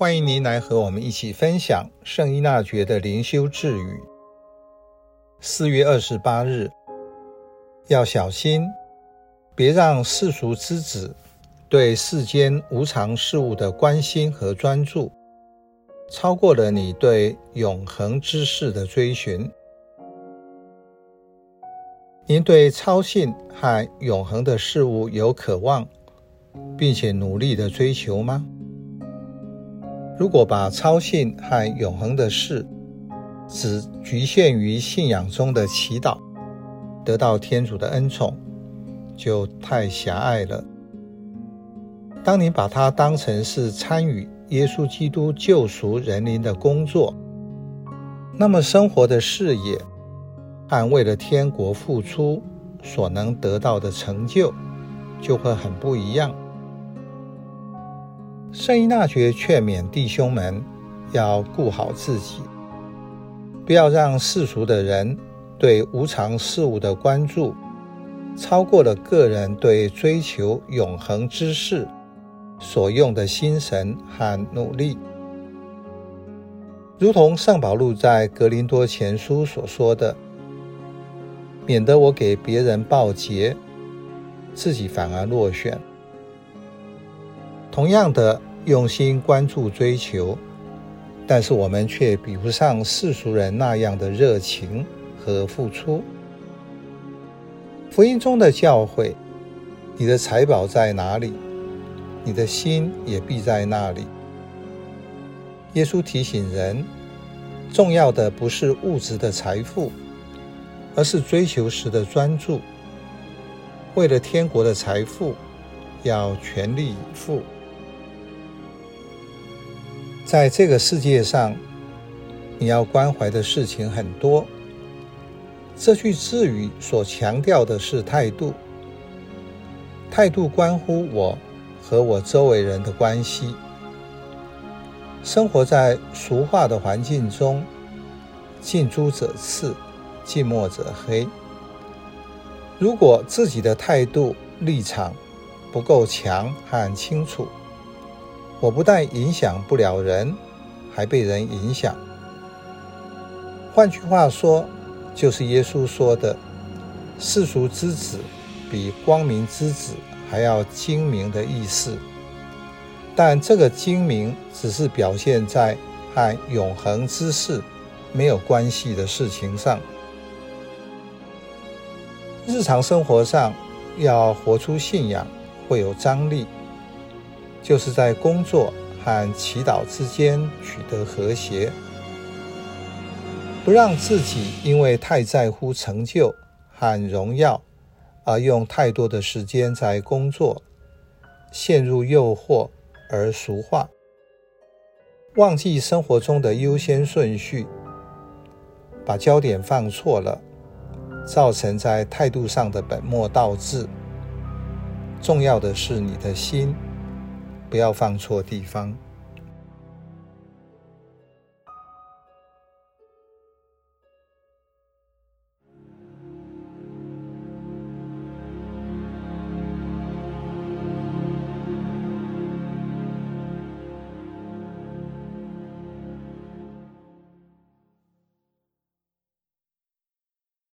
歡迎您來和我們一起分享聖依納爵的靈修智語。四月二十八日，要小心，別讓世俗之子對世間無常事物的關心和專注，超過了你對永恆之事的追尋。您對超性和永恆的事物有渴望，並且努力的追求嗎？如果把超性和永恆的事只侷限於信仰中的祈禱，得到天主的恩寵，就太狹隘了。當你把它當成是參與耶穌基督救贖人靈的工作，那麼生活的視野和為了天國付出所能得到的成就，就會很不一樣。聖依納爵勸勉弟兄們要顧好自己，不要讓世俗的人對無常事物的關注超過了個人對追求永恆之事所用的心神和努力。如同聖保祿在《格林多前書》所說的，免得我給別人報捷，自己反而落選。同樣的。用心關注追求，但是我們卻比不上世俗人那樣的熱情和付出。福音中的教誨：“你的財寶在哪裡，你的心也必在那裡。”耶穌提醒人：重要的不是物質的財富，而是追求時的專注。為了天國的財富，要全力以赴。在這個世界上，你要關懷的事情很多。這句智語所強調的是態度，態度關乎我和我周圍人的關係。生活在俗化的環境中，“近朱者赤，近墨者黑”。如果自己的態度立場不夠強、很清楚。我不但影響不了人，還被人影響。換句話說，就是耶穌說的：“世俗之子比光明之子還要精明的意思。”但這個精明只是表現在和永恆之事沒有關係的事情上。日常生活上要活出信仰，會有張力。就是在工作和祈禱之間取得和諧，不讓自己因為太在乎成就和榮耀而用太多的時間在工作，陷入誘惑而俗化，忘記生活中的優先順序，把焦點放錯了，造成在態度上的本末倒置。重要的是你的心。不要放錯地方。